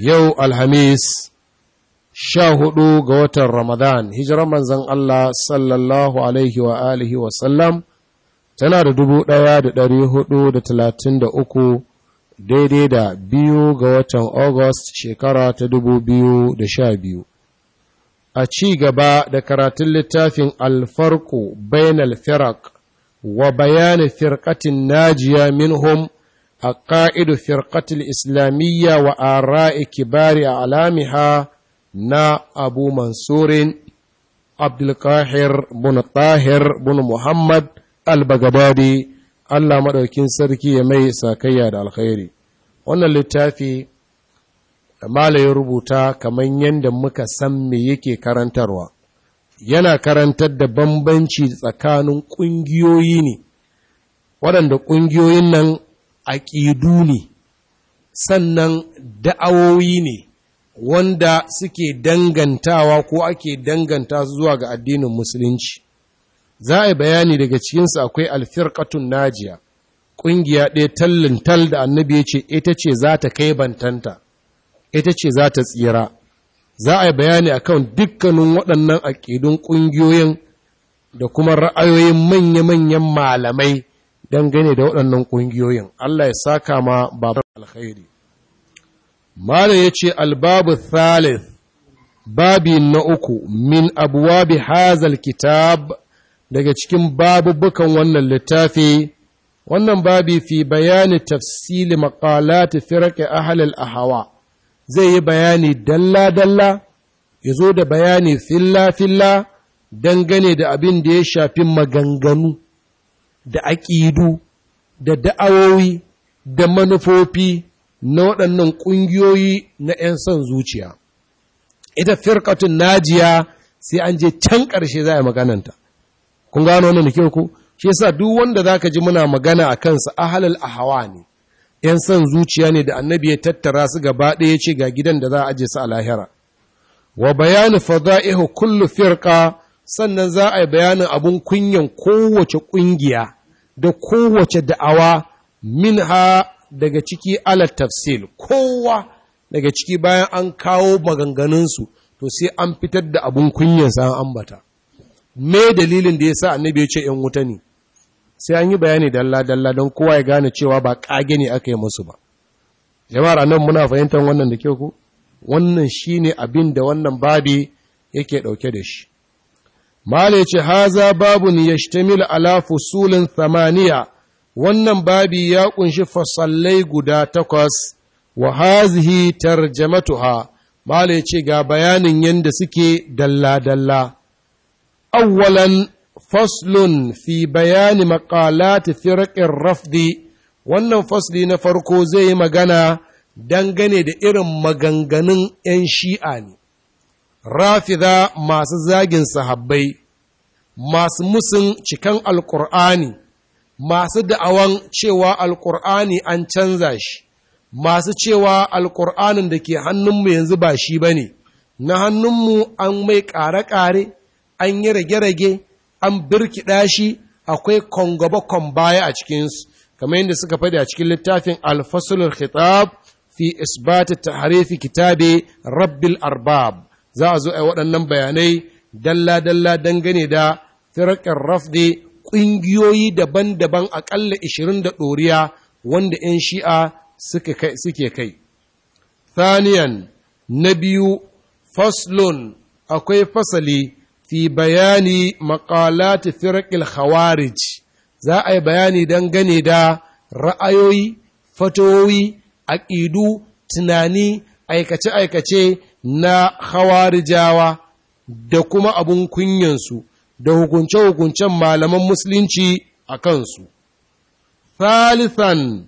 yau alhamis sha hudu ga watan ramadan hijiran manzan Allah sallallahu alaihi wa alihi wasallam tana da dubu daya da dari hudu da talatin da uku daidai da biyu ga watan august shekara ta dubu biyu da sha biyu a ci gaba da karatun littafin alfarku bainal firak wa bayanin firkatin najiya minhum A islamiyya فرقة الإسلامية وآراء كبار أعلامها نا أبو منصور عبد القاهر بن طاهر muhammad محمد البغدادي Allah maɗaukin sarki ya mai sakayya da alkhairi wannan littafi mala ya rubuta kamar yadda muka san me yake karantarwa yana karantar da bambanci tsakanin ƙungiyoyi ne waɗanda ƙungiyoyin nan aƙidu ne sannan da'awoyi ne wanda suke dangantawa ko ake danganta zuwa ga addinin musulunci za a yi bayani daga cikinsu akwai alfirkatun najiya ƙungiya ɗaya tallintal da annabi ya ce ita ce za ta kai bantanta ita ce za ta tsira za a yi bayani kan dukkanin waɗannan aƙidun ƙungiyoyin da kuma ra'ayoyin manya-manyan malamai dangane da waɗannan ƙungiyoyin Allah ya saka ma babar alkhairi Malam ya ce albabu thalith babi na uku min abuwabi hazal kitab daga cikin babubukan wannan littafi wannan babi fi bayani tafsili a firƙe a ahawa zai yi bayani dalla-dalla ya zo da bayani filla-filla dangane da abin da ya shafi maganganu da aƙidu da da'awowi da manufofi na waɗannan ƙungiyoyi na 'yan son zuciya. Ita firkatun najiya sai an je can ƙarshe za a magananta. Kun gano wannan kyau ku? Shi sa duk wanda za ka ji muna magana a kansa a hawa ne, 'yan son zuciya ne da annabi ya tattara su gaba ɗaya ce ga gidan da za a aje su a lahira. Wa bayanu fada'ihu kullu firka sannan za a yi bayanin abun kunyan kowace ƙungiya. da kowace da'awa min ha daga ciki ala tafsil kowa daga ciki bayan an kawo maganganunsu to sai an fitar da abun kunyansa an ambata me dalilin da ya sa annabi ya ce ‘yan wuta ne sai an yi bayani dalla-dalla don kowa ya gane cewa ba ƙage ne aka yi musu ba jama'ar nan muna fahimtar wannan da kyau ku wannan shi ne abin da wannan babi yake dauke da shi Mala ce, Haza babun mil ala fusulin thamaniya, wannan babi ya ƙunshi fasallai guda takwas, wa hazihi tarjamatuha, Mala ya ce ga bayanin yadda suke dalla-dalla. Awwalan faslun fi bayani maƙalati firakin rafdi, wannan fasli na farko zai yi magana dangane da irin maganganun ‘yan shi'a ne. rafida masu zagin sahabbai masu musin cikan alkur'ani masu da'awan cewa alkur'ani an canza shi masu cewa alkur'anin da ke hannunmu yanzu ba shi ba ne na hannunmu an mai ƙare-ƙare an yi rage-rage an birkiɗa shi akwai kongaba baya a cikinsu kamar yadda suka faɗi a cikin littafin alfasulul khitab fi isbati tahrifi kitabe rabbil arbab za a zo a waɗannan bayanai dalla-dalla dangane da firakin rafde ƙungiyoyi daban-daban aƙalla ishirin da ɗoriya wanda 'yan shi'a suke kai. Thaniyan na biyu, faslon akwai fasali fi bayani maƙalati firakin khawarij za a yi bayani dangane da ra'ayoyi, fatowi, aƙidu, tunani, aikace-aikace na hawarijawa da kuma abun kunyansu da hukunce-hukuncen malaman musulunci a kansu. Thalithan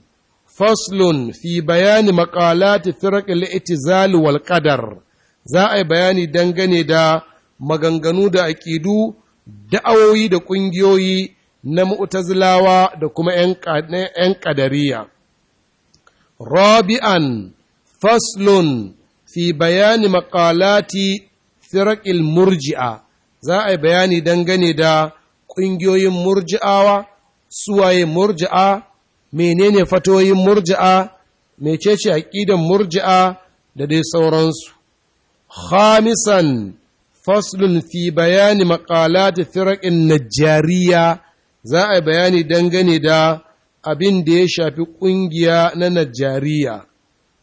faslun fi bayani makalati firaƙil itizali wal qadar za a yi bayani dangane da maganganu da aƙidu, da'awoyi da ƙungiyoyi na mu'tazilawa da kuma ‘yan ƙadariya. Rabi'an faslun fi bayani maƙalati firaƙil murji'a za a yi bayani dangane da ƙungiyoyin murji'awa suwaye murji'a menene fatoyin murji'a mecece aƙidan murji'a da dai sauransu khamisan faslun fi bayani maƙalati firaƙin najjariya za a yi bayani dangane da abin da ya shafi ƙungiya na najjariya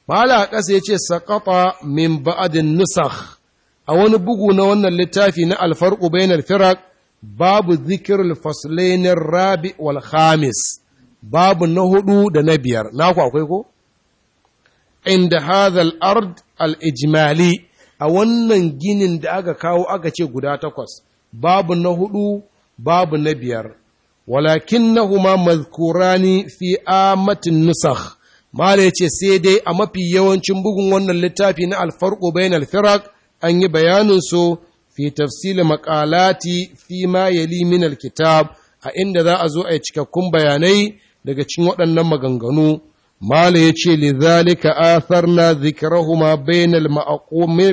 mala ƙasa ya ce saƙaɓa min ba'adin nusakh a wani bugu na wannan littafi na alfarƙu bainar firak babu zikirul faslainin rabi wal khamis babu na hudu da na biyar naku akwai ko inda hadhal ard al ijmali a wannan ginin da aka kawo aka ce guda takwas babu na hudu babu na biyar walakinnahuma mazkurani fi amatin nusakh Mala ya ce sai dai a mafi yawancin bugun wannan littafi na alfarko bayan alfirak an yi bayanin bayaninsu fi tafsili makalati fi ma yali min alkitab a inda za a zo a yi cikakkun bayanai daga cikin waɗannan maganganu. Mala ya ce li zalika atharna na bainal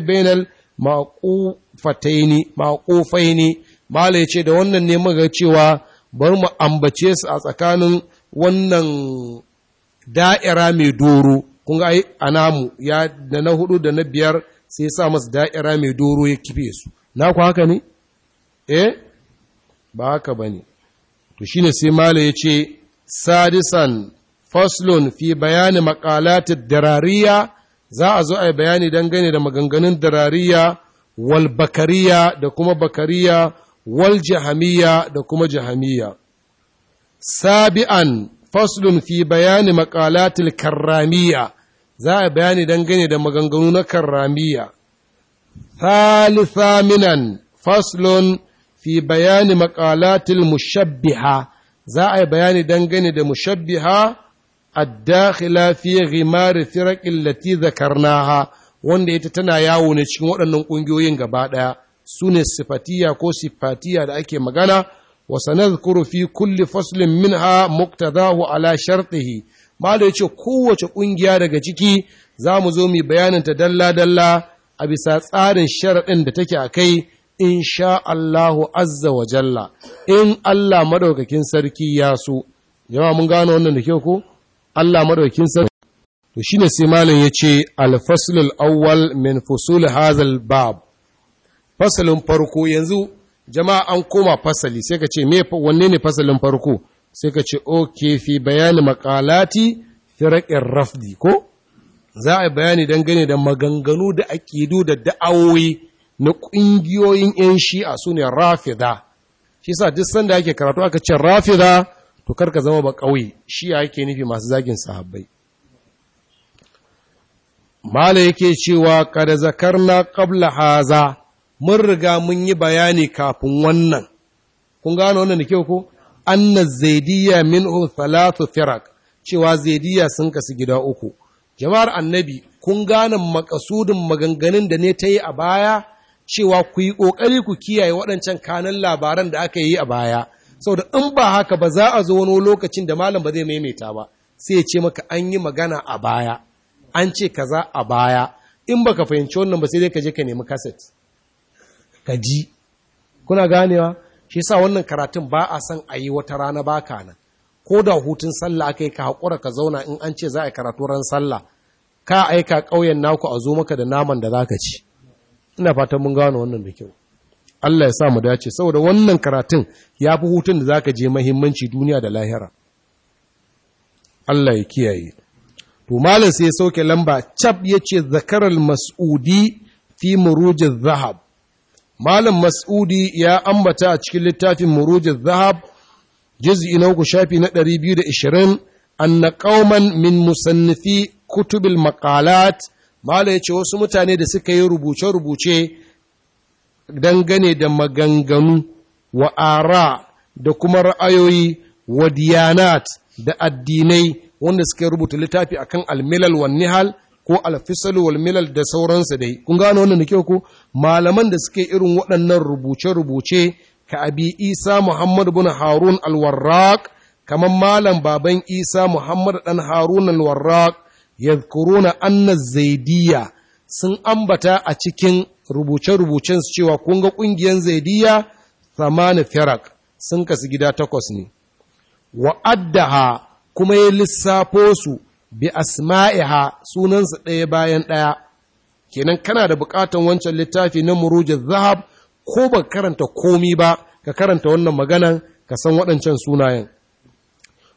bainal ma'qufataini ma'qufaini Mala ya ce da wannan ne muka cewa bari mu ambace su a tsakanin wannan da'ira mai doro kun ga anamu ya da na hudu da na biyar sai sa masu da'ira mai doro ya kife su na ku haka ne eh ba haka bane to shine sai mala yace sadisan faslun fi bayani maqalatid darariya za a zo a yi bayani dangane da maganganun darariya wal bakariya da kuma bakariya wal jahamiya da kuma jahamiya sabi'an faslun fi bayani makalatil karramiya za a bayani dangane da maganganu na karramiya thalitha minan faslun fi bayani makalatil mushabbiha za a bayani dangane da mushabbiha الداخلة في غمار الفرق التي ذكرناها wanda ita tana yawo ne cikin waɗannan ƙungiyoyin gaba ɗaya su sifatiya ko sifatiya da ake magana wa kurufi, fi kulli faslin minha muqtadahu ala shartihi malai yace kowace kungiya daga ciki za mu zo mu bayanin ta dalla dalla a bisa tsarin sharadin da take a insha Allahu azza wa jalla in Allah madaukakin sarki ya so jama'a mun gano wannan da kyau ko Allah madaukakin sarki to shine sai malam yace al-faslul awwal min fusul hazal bab fasalin farko yanzu jama'a an koma fasali sai ka ce me wanne ne fasalin farko sai ka ce oke fi bayani makalati firakin rafdi ko za a yi bayani dangane da maganganu da aƙidu da da'awoyi na ƙungiyoyin 'yan shi'a su ne rafida shi sa duk sanda ake karatu aka ce rafida to karka zama ba ƙauye shi'a yake nufi masu zagin sahabbai mala yake cewa kada zakar na qabla haza mun riga mun yi bayani kafin wannan kun gano wannan da kyau ko anna zaidiyya minhu salatu firaq cewa zaidiya sun kasu gida uku jama'ar annabi kun gane makasudin maganganun da ne ta yi a baya cewa ku yi ƙoƙari ku kiyaye waɗancan kanan labaran da aka yi a baya Sau da in ba haka ba za a zo wani lokacin da malam ba zai maimaita ba sai ya ce maka an yi magana a baya an ce kaza a baya in baka fahimci wannan ba sai dai ka je ka nemi kaset ka ji kuna ganewa shi sa wannan karatun ba a san a yi wata rana ba ka nan ko da hutun sallah aka yi ka haƙura ka zauna in an ce za a karatu ran sallah ka aika ƙauyen naku a zo maka da naman da za ka ci ina fatan mun gano wannan da kyau Allah ya sa mu dace saboda wannan karatun ya fi hutun da za ka je mahimmanci duniya da lahira Allah ya kiyaye to malam sai ya sauke lamba chap yace ce zakarar mas'udi fi murujiz zahab Malam Mas'udi ya ambata a cikin littafin Murujin Zahab, juz'i na uku shafi na ɗari biyu da ishirin, anna ƙauman min musannifi kutubil maƙalat, Malam ya ce wasu mutane da suka yi rubuce-rubuce dangane da maganganu wa ara da kuma ra'ayoyi wa diyanat da addinai wanda suka rubuta littafi akan almilal wa nihal ko alfisal wal milal da sauransu dai kun gano wannan da kyau ko malaman da suke irin waɗannan rubuce-rubuce ka abi isa muhammad bin harun alwarraq kamar malam baban isa muhammad dan harun alwarraq yadhkuruna anna Zaidiya sun ambata a cikin rubuce-rubucen su cewa kun ga ƙungiyar Zaidiya? thamani firaq sun kasu gida takwas ne wa'addaha kuma ya lissafo su bi asma'iha sunansa ɗaya bayan ɗaya kenan kana da buƙatar wancan littafi na murujin zahab ko ba karanta komi ba ka karanta wannan maganan ka san waɗancan sunayen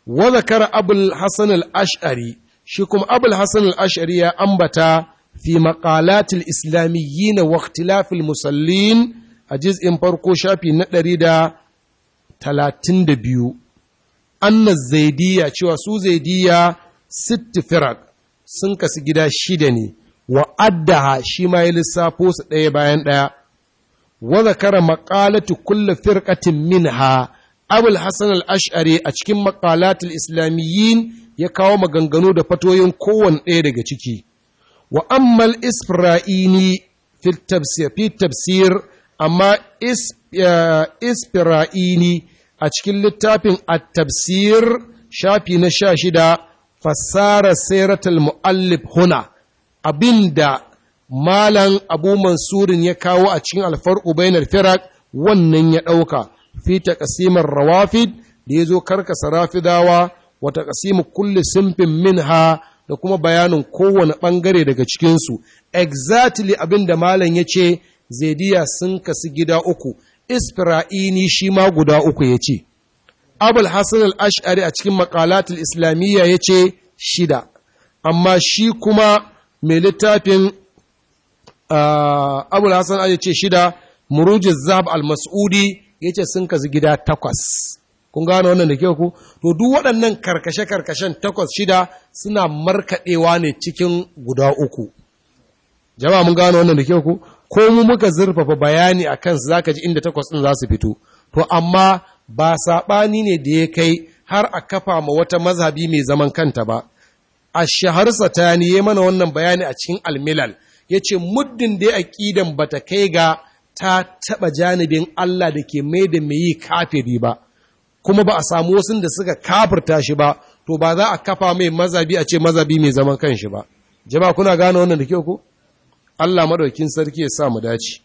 wa zakara abul hasan al-ash'ari shi kuma abul hasan al-ash'ari ya ambata fi maqalatil islamiyyin wa ikhtilafil musallin a juz'in farko shafi na ɗari da talatin da biyu anna zaidiya cewa su zaidiya sitti firak sun kasu gida shida ne wa addaha shi ma ya lissafo su ɗaya bayan ɗaya wa zakara maqalatu kulli firqatin minha abul hasan al-ash'ari a cikin maqalatul islamiyyin ya kawo maganganu da fatoyin kowanne ɗaya daga ciki wa ammal isra'ini fi tafsir amma isra'ini a cikin littafin at-tafsir shafi na sha shida fassara siratul mu'allif huna abinda malam abu mansurin ya kawo a cikin alfarqu bainar firaq wannan ya ɗauka fi taqsimar rawafid da yazo karkasa rafidawa wa taqsimu kulli simfin minha da kuma bayanin kowane ɓangare daga cikinsu exactly abin da malam ya ce zaidiya sun kasu gida uku isra'ini shi ma guda uku ya ce abul hasan al-ash'ari a cikin makalatul islamiyya ya ce shida amma shi kuma mai littafin abul hasan ya ce shida murujiz Zab al-mas'udi ya ce sun kazi gida takwas kun gano wannan da ke ku to duk waɗannan karkashe-karkashen takwas shida suna markaɗewa ne cikin guda uku jama'a mun gano wannan da ke ku ko mu muka zurfafa bayani a kansu za ka ji inda takwas ɗin za su fito to amma ba saɓani ne da ya kai har a kafa ma wata mazhabi mai zaman kanta ba a shahar satani ya mana wannan bayani a cikin almilal ya ce muddin da ya aƙidan ba ta kai ga ta taɓa janibin Allah da ke mai da mai yi kafiri ba kuma ba a samu wasu da suka kafirta shi ba to ba za a kafa mai mazhabi a ce mazhabi mai zaman kanshi ba jama'a kuna gane wannan da kyau ko Allah madaukin sarki ya sa mu dace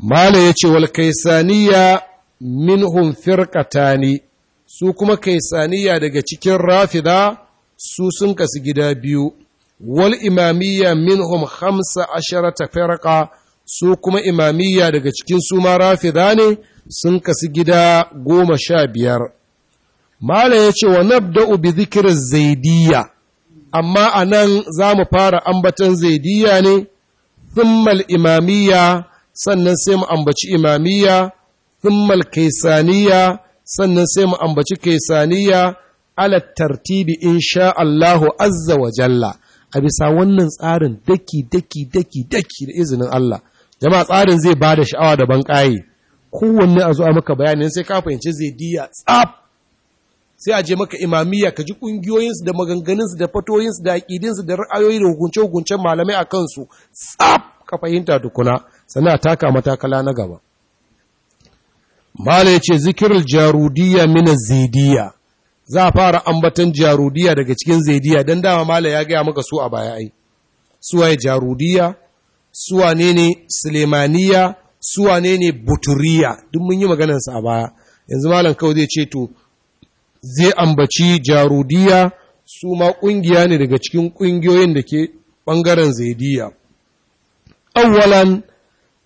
mala ce wal kaisaniya minhum firqatani su kuma kaisaniya daga cikin rafida su sun kasu gida biyu wal imamiyya minhum hamsa asharata firqa su kuma imamiyya daga cikin su ma rafida ne sun kasu gida goma sha biyar mala ya ce wa nabda'u bi zikirin zaidiyya amma a nan za mu fara ambatan zaidiyya ne thummal imamiyya sannan sai mu ambaci imamiyya thummal kaisaniya sannan sai mu ambaci kaisaniya ala tartibi insha Allahu azza wa jalla a bisa wannan tsarin daki daki daki daki da izinin Allah jama'a tsarin zai ba da sha'awa da banƙaye kowanne a zuwa maka bayanin sai ka fahimci zai diya tsaf sai a je maka imamiyya ka ji ƙungiyoyinsu da maganganunsu da fatoyinsu da aƙidinsu da ra'ayoyi da hukunce-hukuncen malamai a kansu tsaf ka fahimta tukuna sannan a taka matakala na gaba Mala ce zikirar jarudiya mina zaidiya, za a fara ambatan jarudiya daga cikin zaidiya don dama Mala ya gaya maka su a baya ai, yi jarudiya, suwa ne ne Sulemaniya, suwa ne ne Buturiya, duk mun yi maganansa a baya, yanzu Malam kawai zai ce to, zai ambaci jarudiya su ma ƙungiya ne daga cikin ƙungiyoyin da ke ɓangaren zaidiya. Awwalan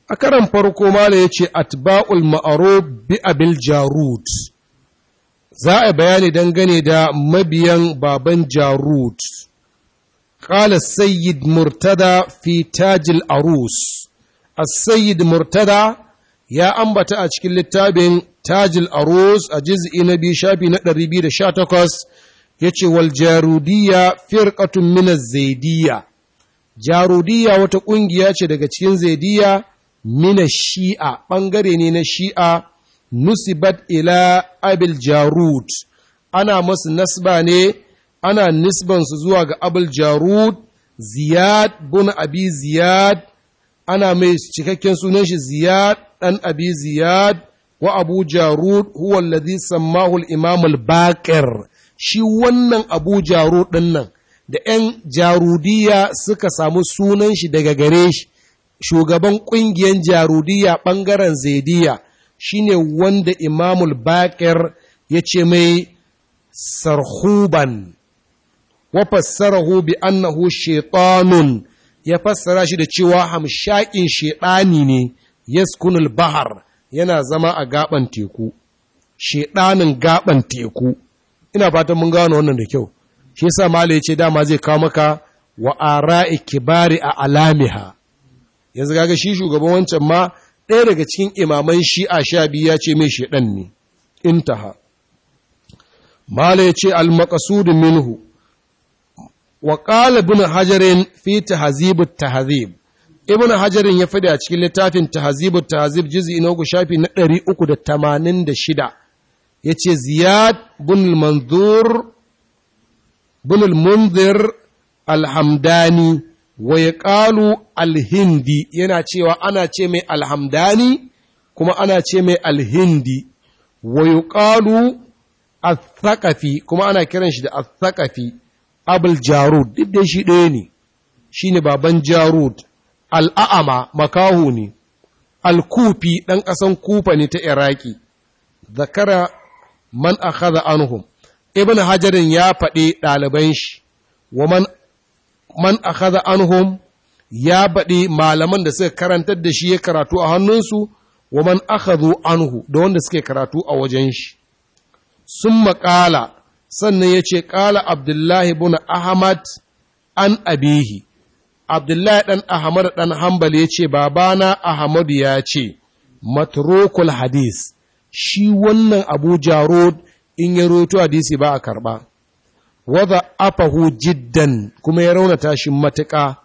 a karan farko mala ya ce atba'ul ma'aro bi abil jarud za a bayani dangane da mabiyan baban jarud ƙala sayyid murtada fi tajil arus a sayyid murtada ya ambata a cikin littafin tajil arus a jiz'i na biyu shafi na 218 ya ce wal jarudiya firƙatun minas zaidiya jarudiya wata ƙungiya ce daga cikin zaidiya mina shi'a ɓangare ne na shi'a nusibat ila abil jarud ana masu nasba ne ana nisbansu zuwa ga abul jarud ziyad bin abi ziyad ana mai cikakken sunan shi ziyad ɗan abi ziyad wa abu jarud huwa alladhi sammahu al-imam al-baqir shi wannan abu jarud ɗin nan da ‘yan jarudiya suka samu sunan shi daga gare shi shugaban ƙungiyar jarudiya ɓangaren zaidiya shine wanda imamul baƙir ya ce mai sarhuban wa fassarahu bi annahu shaitanun ya fassara shi da cewa hamshakin shaɗani ne yaskunul bahar yana zama a gaban teku shaɗanin gaban teku ina fatan mun gano wannan da kyau shi yasa mala ce dama zai kawo maka wa ara'i kibari a alamiha yanzu kaga shi shugaban wancan ma ɗaya daga cikin imaman shi'a sha biyu ya ce mai shaɗan ne intaha mala ya ce al minhu wa qala ibn hajarin fi tahzib at ibn hajarin ya fada cikin littafin tahzib at-tahzib juz'i na uku shafi na 386 yace ziyad ibn al-manzur ibn al-munzir alhamdani wa ya ƙalu alhindi yana cewa ana ce mai alhamdani kuma ana ce mai alhindi wa ya ƙalu athakafi kuma ana kiran shi da athakafi abul jarud duk da shi ɗaya ne shi ne baban jarud al'a'ama makahu ne alkufi ɗan ƙasan kufa ne ta iraki zakara man akhadha anhum ibn hajarin ya faɗi ɗaliban shi wa man man akhadha anhum ya baɗi malaman da suka karantar da shi ya karatu a hannunsu wa man akhadhu anhu da wanda suke karatu a wajen shi sun maƙala sannan ya ce ƙala abdullahi bin ahmad an abihi abdullahi ɗan ahmad ɗan hambal ya ce babana ahmadu ya ce matrokul hadis shi wannan abu jarod in ya roto hadisi ba a karɓa wadda afahu jiddan kuma ya rauna shi matuƙa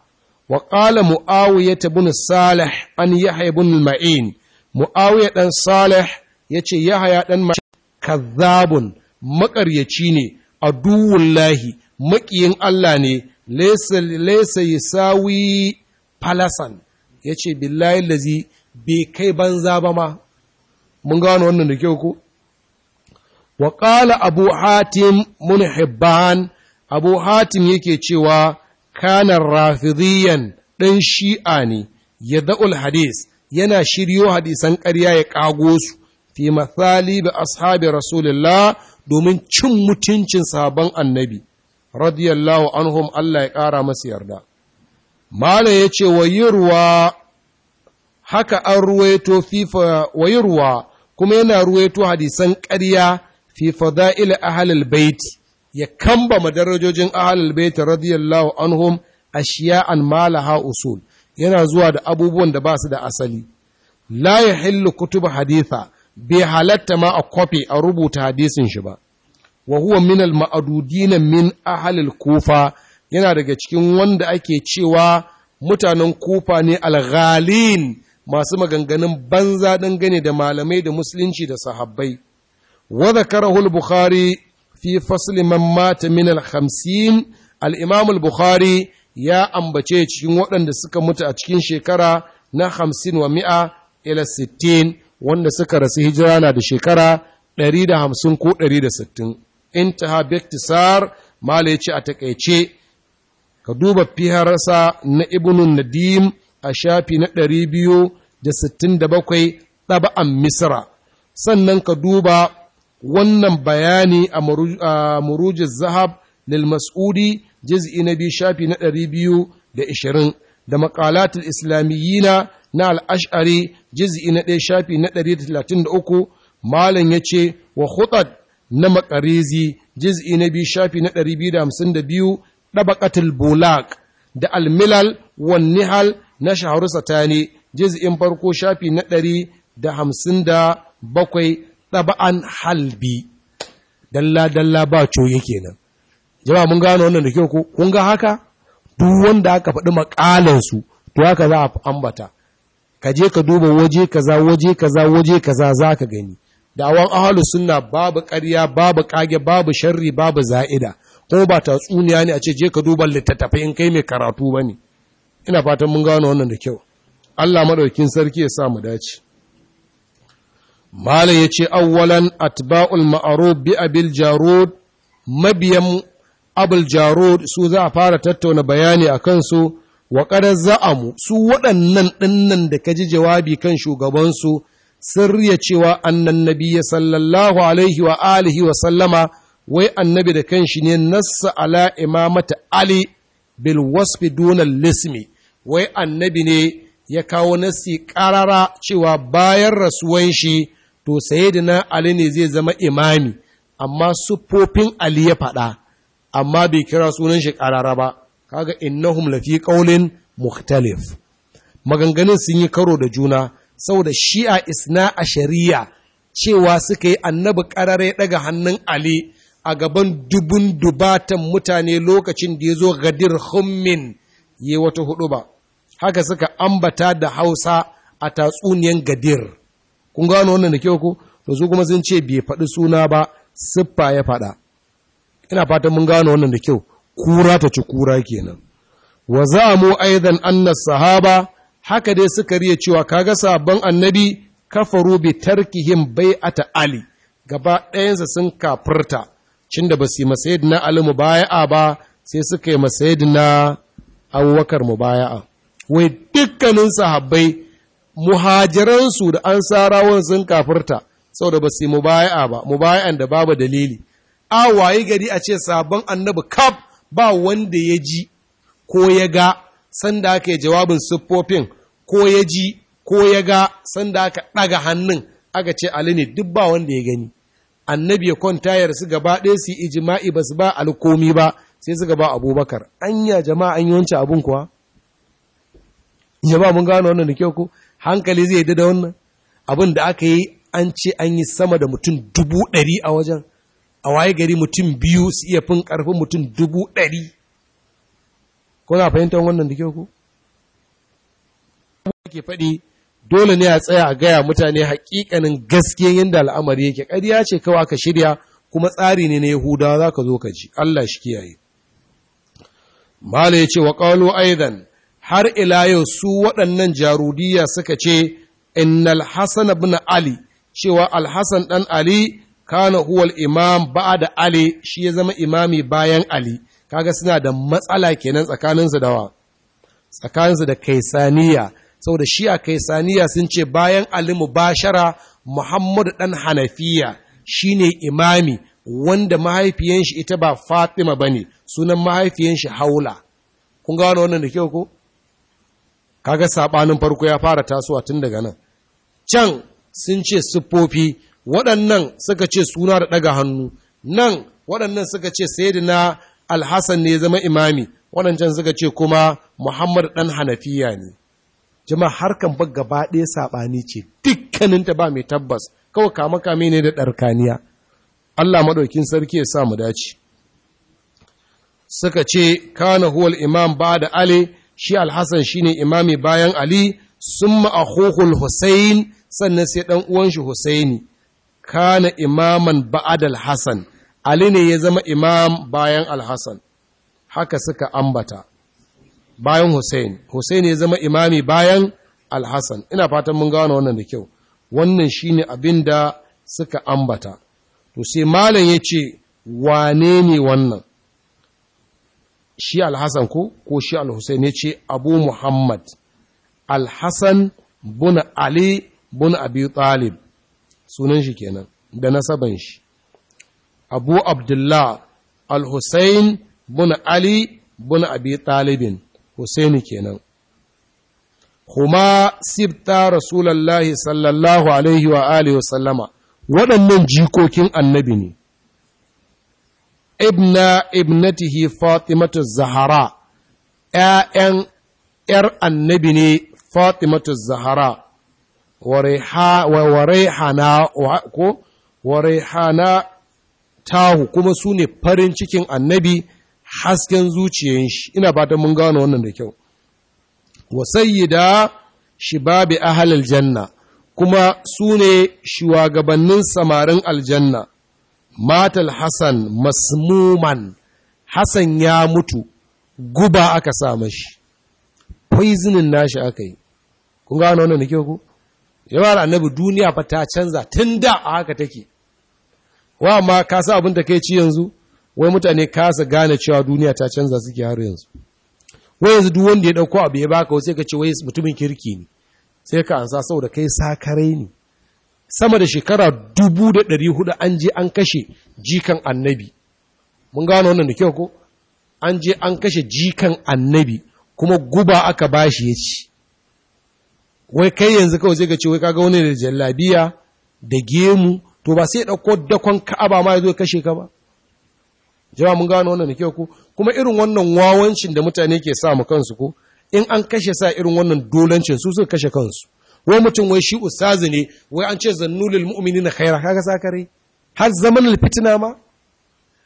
wa ƙala mu'awiyya ta bin salih an yahya bin ma'in mu'awiyya ɗan salih ya ce haya ɗan ma'in kazzabun maƙaryaci ne a lahi, maƙiyin Allah ne laisa yi sawi falasan ya ce billahi lazi bai kai banza ba ma mun gano wannan da kyau ko Waƙala ƙala abu hatim mun abu hatim yake cewa kana rafidiyan ɗan shi'a ne ya da'ul hadis yana shiryo hadisan ƙarya ya ƙago su fi mathali ba ashabi Rasulillah domin cin mutuncin sabon annabi radiyallahu anhum Allah ya ƙara masu yarda mala ya ce wayirwa haka an ruwaito fifa wayirwa kuma yana ruwaito hadisan ƙarya fi fada'il ahlul bait ya kamba madarajojin ahlul bait radiyallahu anhum ashiya'an ma laha usul yana zuwa da abubuwan da ba su da asali la yahillu kutubu haditha bai halatta ma a kwafi a rubuta hadisin shi ba wa huwa min al ma'adudina min ahlul kufa yana daga cikin wanda ake cewa mutanen kufa ne alghalin masu maganganun banza dangane da malamai da musulunci da sahabbai wa zakarahu al-bukhari fi fasli man mata min al-50 al bukhari ya ambace cikin waɗanda suka mutu a cikin shekara na 50 wa mi'a ila 60 wanda suka rasu hijira na da shekara 150 ko 160 intaha biktisar mala yace a takeice ka duba fiharsa na ibnun nadim a shafi na da 267 ɗaba'an misra sannan ka duba wannan bayani a murujin zahab lil mas'udi juz'i na biyu shafi na ɗari biyu da ishirin da maƙalatul islamiyyina na al'ash'ari juz'i na ɗaya shafi na ɗari da talatin da uku malam ya ce wa hutad na makarizi juz'i na biyu shafi na ɗari biyu da hamsin da biyu ɗabaƙatul bulak da almilal wan nihal na shaharu satani juz'in farko shafi na ɗari da hamsin da bakwai ɗaba'an halbi dalla-dalla ba coye kenan jama'a mun gano wannan da kyau ko kun ga haka duk wanda aka faɗi makalansu to haka za a ambata ka je ka duba waje kaza waje kaza waje kaza za ka gani dawon ahalus suna babu ƙarya babu ƙage babu sharri babu za'ida ko ba tatsuniya ne a ce je ka duba littattafai in kai mai karatu ba ne. ina fatan mun gano wannan da kyau Allah maɗaukin sarki ya sa mu dace Malam ya ce, Awwalan atba'ul ma'aruf bi abil jarud, mabiyan abul jarud su za a fara tattauna bayani a kansu, wa ƙarar za'amu, su waɗannan ɗinnan da ka ji jawabi kan shugabansu, sun riya cewa annan sallallahu alaihi wa alihi wa sallama, wai annabi da kanshi ne nassa ala imamata Ali bil wasfi dunan lismi, wai annabi ne ya kawo nasi ƙarara cewa bayan rasuwan shi to na ali ne zai zama imami amma siffofin ali ya faɗa amma bai kira sunan shi ƙarara ba kaga innahum lafi qaulin mukhtalif maganganun sun yi karo da juna saboda shi'a isna a shari'a cewa suka yi annabi ya daga hannun ali a gaban dubun dubatan mutane lokacin da ya zo gadir hummin yi wata hudu ba haka suka ambata da hausa a tatsuniyan gadir kun gano wannan da kyau ko to su kuma sun ce bai faɗi suna ba siffa ya faɗa ina fatan mun gano wannan da kyau kura ta ci kura kenan wa za mu aidan anna sahaba haka dai suka riya cewa kaga sabon annabi kafaru bi tarkihim bai'ata ali gaba ɗayansa sun kafirta cin da ba su yi masayidina ali mubaya'a ba sai suka yi masayidina abubakar mubaya'a wai dukkanin sahabbai muhajiransu da an sarawar sun kafirta saboda ba su yi mubaya'a ba mubaya'an da babu dalili a waye gari a ce sabon annabi kaf ba wanda ya ji ko ya ga sanda aka yi jawabin siffofin ko ya ji ko ya ga sanda aka ɗaga hannun aka ce ali ne duk ba wanda ya gani annabi ya kwanta ya rasu gaba ɗaya su ijima'i ba su ba alkomi ba sai suka ba abubakar anya jama'a an yi wancan abin kuwa jama'a mun gano wannan da kyau ko hankali zai dada da wannan abin da aka yi an ce an yi sama da mutum dubu ɗari a wajen a waye gari mutum biyu su iya fin ƙarfin mutum dubu ɗari a fahimtar wannan da kyau ku? ke faɗi dole ne a tsaya a gaya mutane haƙiƙanin gaske yadda al'amari yake ƙarya ce kawai ka shirya kuma tsari ne na yahudawa za ka zo ka ji allah shi kiyaye mala ya ce wa ƙalo aidan har ila yau su waɗannan jarudiya suka ce innal hasan ibn ali cewa alhassan ɗan ali kana huwal imam ba'a da ali shi ya zama imami bayan ali kaga suna da matsala kenan tsakaninsu da wa tsakaninsu da kaisaniya saboda shi a kaisaniya sun ce bayan ali mubashara muhammadu ɗan hanafiya shine imami wanda mahaifiyanshi ita ba fatima bane sunan mahaifiyanshi haula kun ga wannan da kyau ko kaga sabanin farko ya fara tasowa tun daga nan can sun ce siffofi waɗannan suka ce suna da ɗaga hannu nan waɗannan suka ce sayyidina alhassan ne zama imami waɗancan suka ce kuma muhammad ɗan hanafiya ne jima harkan ba gaba ɗaya saɓani ce dukkaninta ba mai tabbas kawai kama kame ne da ɗarkaniya allah maɗaukin sarki ya sa mu dace suka ce kana huwal imam ba da ale shi alhassan shi ne imami bayan ali summa akhuhul Hussain, sannan sai ɗan uwan shi husaini kana imaman ba'ad alhassan ali ne ya zama imam bayan alhassan haka suka ambata bayan Hussein, Hussein ya zama imami bayan Alhassan, ina fatan mun gano wannan da kyau, wannan shi ne abin da suka ambata. To sai Malam ya ce, wane ne wannan? shi alhassan ko ko shi alhussein ne ce abu muhammad alhassan buna ali buna abi talib sunan shi kenan da nasaban shi abu abdullah alhussein buna ali buna abi talibin husaini kenan kuma sibta rasulallah sallallahu alaihi wa alihi wasallama waɗannan jikokin annabi ne ibna ibnatihi fatimatu zahara ‘ya'yan ‘yar annabi ne fatimatu zahara hana tahu kuma su ne farin cikin annabi hasken zuciyen shi ina fatan mun gano wannan da kyau wa shi shibabi ahlal janna kuma su ne shugabannin samarin aljanna matal Hassan masmuman Hassan ya mutu guba aka sa mashi poisonin nashi aka yi kun gano wannan da ke ku yawa annabi duniya fa ta canza tun da a haka take wa ma ka sa abin da kai ci yanzu wai mutane kasa gane cewa duniya ta canza suke har yanzu wai yanzu duk wanda ya dauko abu ya baka sai ka ce wai mutumin kirki ne sai ka ansa saboda kai sakarai ne sama da shekara dubu da ɗari hudu an je an kashe jikan annabi mun gano wannan da kyau ko an je an kashe jikan annabi kuma guba aka bashi ya ci wai kai yanzu kawai zai ga ce wai kaga wani da jallabiya da gemu to ba sai ɗauko dakon ka'aba ma ya zo kashe ka ba jama'a mun gano wannan da kyau ko kuma irin wannan wawancin da mutane ke sa mu kansu ko in an kashe sa irin wannan dolancin su suka kashe kansu wai mutum wai shi ustazi ne wai an ce zannulil mu'minin khaira kaga sakare har zamanin fitina ma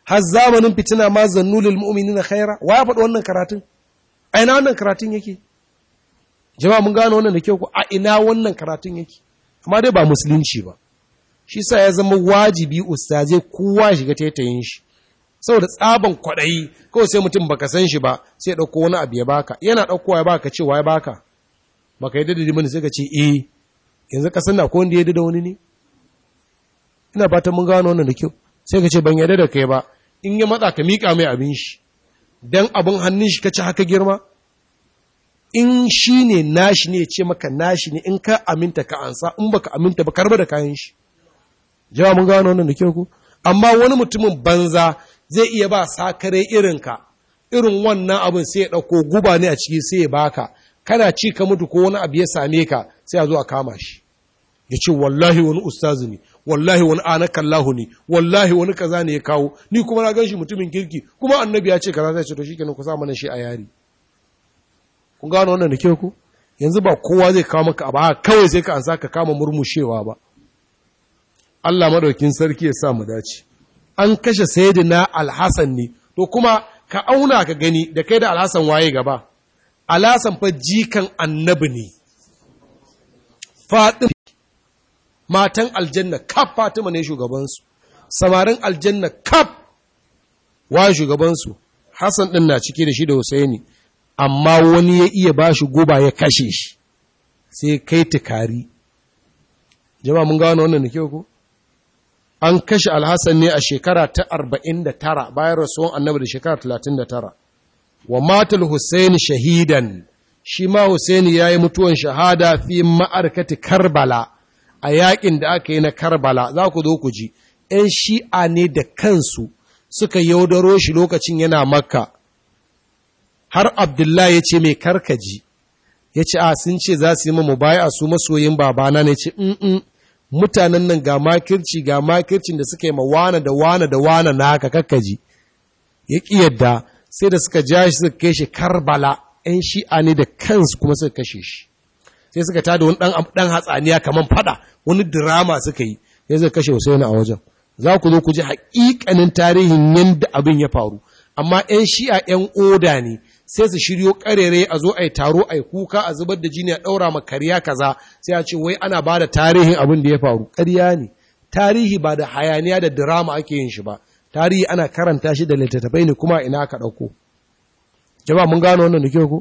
har zamanin fitina ma zannulil mu'minin khaira wa ya faɗi wannan karatun a ina wannan karatun yake jama'a mun gano wannan da kyau ko a ina wannan karatun yake amma dai ba musulunci ba shi sa ya zama wajibi ustazai kowa shiga taitayin shi saboda tsaban kwaɗayi kawai sai mutum baka san shi ba sai ya ɗauko wani abu ya baka yana ɗaukowa ya baka cewa ya baka ba ka yi dadi mani sai ka ce eh yanzu ka sanna ko wanda ya dada wani ne ina ta mun gano wannan da kyau sai ka ce ban yadda da kai ba in ya matsa ka miƙa mai abin shi dan abin hannun shi ka ci haka girma in shi ne nashi ne ya ce maka nashi ne in ka aminta ka ansa in baka aminta ba karba da kayan shi jawa mun gano wannan da kyau ku amma wani mutumin banza zai iya ba sakare irinka irin wannan abin sai ya ɗauko guba ne a ciki sai ya baka kana ci ka mutu ko wani abu ya same ka sai a zo a kama shi ya ce wallahi wani ustazi ne wallahi wani anakallahu ne wallahi wani kaza ne ya kawo ni kuma na gan shi mutumin kirki kuma annabi ya ce kaza zai ce to shikenan ku sa mana shi a yari kun gano wannan da ke ku yanzu ba kowa zai kawo maka ba kawai sai ka ansa ka kama murmushewa ba Allah madaukin sarki ya sa mu dace an kashe sayyidina alhasan ne to kuma ka auna ka gani da kai da alhasan waye gaba alasan fa jikan annabi ne faɗin matan aljanna kaf fatima ne shugabansu samarin aljanna kaf wa shugabansu hassan ɗin na cike da shi da husaini amma wani ya iya ba shi guba ya kashe shi sai kai tukari jama mun gano wannan da ko an kashe alhassan ne a shekara ta 49 bayan rasuwan annabi da shekara 39 wa matal Hussein shahidan shi ma Hussein ya yi mutuwan shahada fi ma'arkati Karbala a yakin da aka yi na Karbala za ku zo ku ji ‘yan shi'a ne da kansu suka yaudaro shi lokacin yana makka har Abdullahi ya ce mai karkaji ya ce a sun ce za su yi mamu baya a su masoyin babana ne ce in mutanen nan ga makirci ga makircin da suka yi ma wana da wana da wana na haka kakkaji ya ƙi yadda sai da suka ja shi suka kai shi karbala ‘yan shi'a ne da kansu kuma suka kashe shi sai suka da wani ɗan hatsaniya kamar fada wani dirama suka yi sai suka kashe wasu a wajen za ku zo ku ji haƙiƙanin tarihin yadda abin ya faru amma ‘yan shi'a ‘yan oda ne sai su shiryo karere a zo a yi taro a yi kuka a zubar da jini a ɗaura ma karya kaza sai a ce wai ana ba da tarihin abin da ya faru karya ne tarihi ba da hayaniya da dirama ake yin shi ba tarihi ana karanta shi da littattafai ne kuma ina ka ɗauko jaba mun gano wannan da kyau ko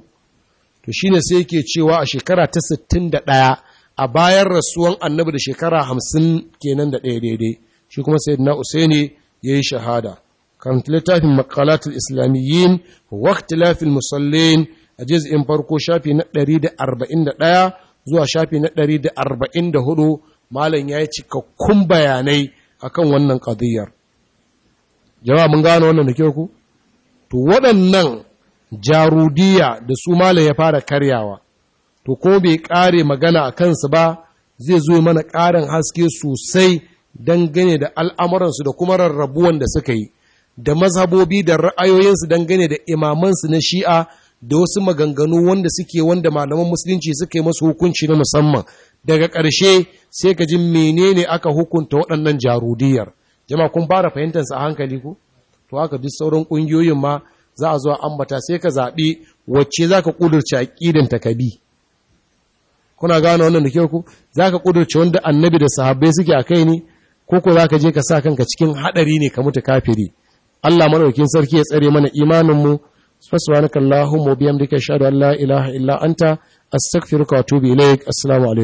to shine sai yake cewa a shekara ta 61 a bayan rasuwan annabi da shekara 50 kenan da ɗaya daidai shi kuma sayyidina usaini yayi shahada kan littafin maqalatul islamiyyin wa ikhtilafil musallin a juz'in farko shafi na 141 zuwa shafi na 144 malam yayi cikakkun bayanai akan wannan qadiyar Jama'a mun gano wannan da kyau ku? To waɗannan jarudiya da su malam ya fara karyawa, to ko bai kare magana a kansu ba zai zo mana ƙarin haske sosai dangane da al'amuransu da kuma rarrabuwan da suka yi, da mazhabobi da ra'ayoyinsu dangane da imamansu na shi'a da wasu maganganu wanda suke wanda malaman musulunci suka yi masu hukunci na musamman. Daga ƙarshe sai ka ji menene aka hukunta waɗannan jarudiyar. jama kun fara fahimtarsa a hankali ko to haka duk sauran kungiyoyin ma za a zo a ambata sai ka zaɓi wacce za ka ƙudurce aƙidin ta kabi kuna gane wannan da kyau ku za ka wanda annabi da sahabbai suke a kai ne ko ko za ka je ka sa kanka cikin haɗari ne ka mutu kafiri Allah madaukin sarki ya tsare mana imaninmu subhanakallahumma wa bihamdika ashhadu an la ilaha illa anta astaghfiruka wa atubu ilaik assalamu alaikum